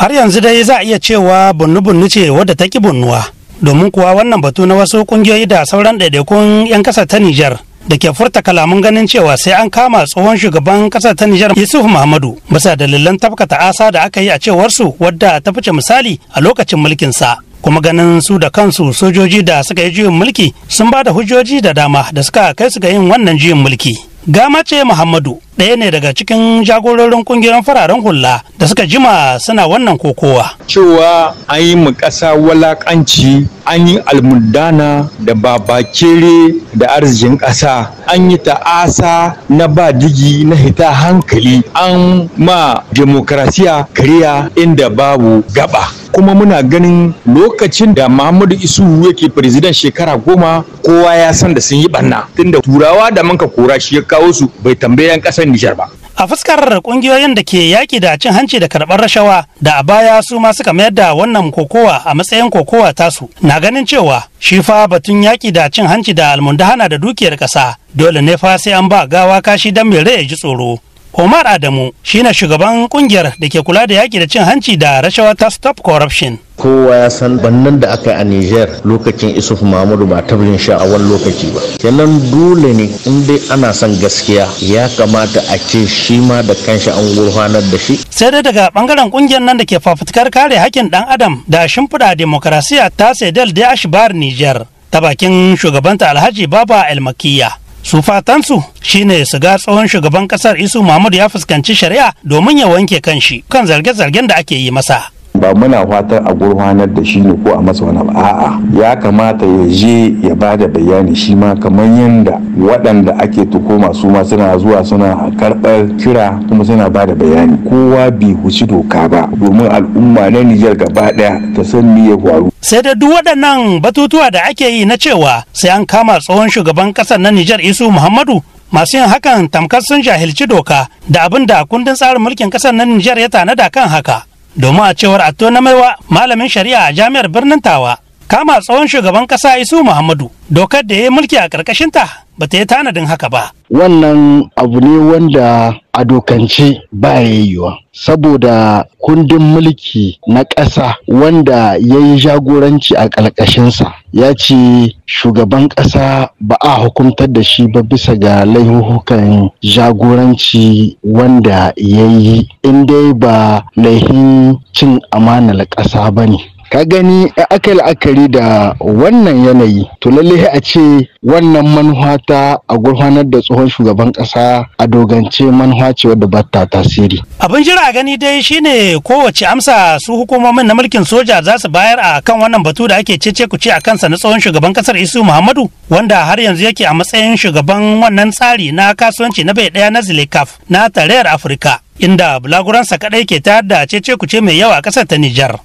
har yanzu dai za a iya cewa bunnu-bunnu ce wadda ta ki bunnuwa domin kuwa wannan batu na wasu kungiyoyi da sauran ɗaiɗaikun 'yan ƙasar ta Nijar da ke furta kalamun ganin cewa sai an kama tsohon shugaban ƙasar ta Nijar Yusuf Muhammadu bisa dalilan tafka asa da aka yi a cewarsu wadda ta fice misali a lokacin mulkinsa. kuma ganin su da kansu sojoji da suka yi juyin mulki sun ba da hujjoji da dama da suka kai su ga yin wannan juyin mulki. Gamace Muhammadu ɗaya ne daga cikin jagororin kungiyar fararen hula da suka jima suna wannan kokowa. Cewa an yi mu ƙasa walaƙanci, an yi almudana da babakere da arzikin ƙasa, an yi ta'asa na ba digi na hita hankali, an ma demokrasiya kariya inda babu gaba. kuma muna ganin lokacin da Muhammadu Isuhu yake firizidan shekara goma kowa ya san da sun yi tun tunda turawa da manka kora shi ya kawo su bai tambayan ƙasar Nijar ba. A fuskar ƙungiyoyin da ke yaƙi da cin hanci da karɓar rashawa da a baya su ma suka mayar da wannan kokowa a matsayin kokowa tasu na ganin cewa shi fa batun yaƙi da cin hanci da almundahana da dukiyar ƙasa dole ne fa sai an ba gawa kashi don mai rai ya ji tsoro. Omar Adamu shine shugaban kungiyar da ke kula da yaki da cin hanci da rashawa ta Stop Corruption. kowa ya san bannan da aka yi a Niger lokacin Isuf Mahmudu ba ta bin sha'awar lokaci ba kenan dole ne in dai ana son gaskiya ya kamata a ce shi ma da kanshi an gurfanar da shi sai dai daga bangaren kungiyar nan da ke fafutukar kare hakkin dan adam da shimfiɗa demokrasiya ta Sedel da Niger ta bakin shugabanta Alhaji Baba Elmakiya su fatansu shine su ga tsohon shugaban kasar isu mahmud ya fuskanci shari'a domin ya wanke kanshi kan zarge-zargen da ake yi masa ba muna fatan a gurfanar da shi ne ko a masa wani a'a ya kamata ya je ya ba da bayani shi ma kamar yadda waɗanda ake tuhuma su ma suna zuwa suna karɓar kira kuma suna ba da bayani kowa bai huci doka ba domin al'umma na Nijar gaba ɗaya ta san me ya faru sai da duk waɗannan batutuwa da ake yi na cewa sai an kama tsohon shugaban ƙasar na Nijar Isu Muhammadu masu yin hakan tamkar sun jahilci doka da abin da kundin tsarin mulkin kasar na Nijar ya tanada kan haka. domin a cewar a na malamin shari'a a jami'ar birnin tawa kama tsawon shugaban kasa isu muhammadu dokar da ya yi mulki a ƙarƙashinta ba ta yi tanadin haka ba wannan abu ne wanda a dokance ba yiwa, saboda kundin mulki na ƙasa wanda ya yi jagoranci a ƙarƙashinsa ya ce shugaban ƙasa ba a hukuntar da shi ba bisa ga laihuhukan jagoranci wanda ya yi in dai ba laihin cin amanar ƙasa ba ne ka gani aka la'akari da wannan yanayi to lalle a ce wannan manuwa ta a gurfanar da tsohon shugaban kasa a dogance manuwa ce wadda ba ta tasiri abin jira gani dai shine kowace amsa su hukumomin na mulkin soja za su bayar a kan wannan batu da ake cece kuce a kansa na tsohon shugaban kasar isu muhammadu wanda har yanzu yake a matsayin shugaban wannan tsari na kasuwanci na bai daya na Zilikaf na tarayyar afirka inda bulaguransa kadai ke tayar da cece kuce mai yawa a kasar ta nijar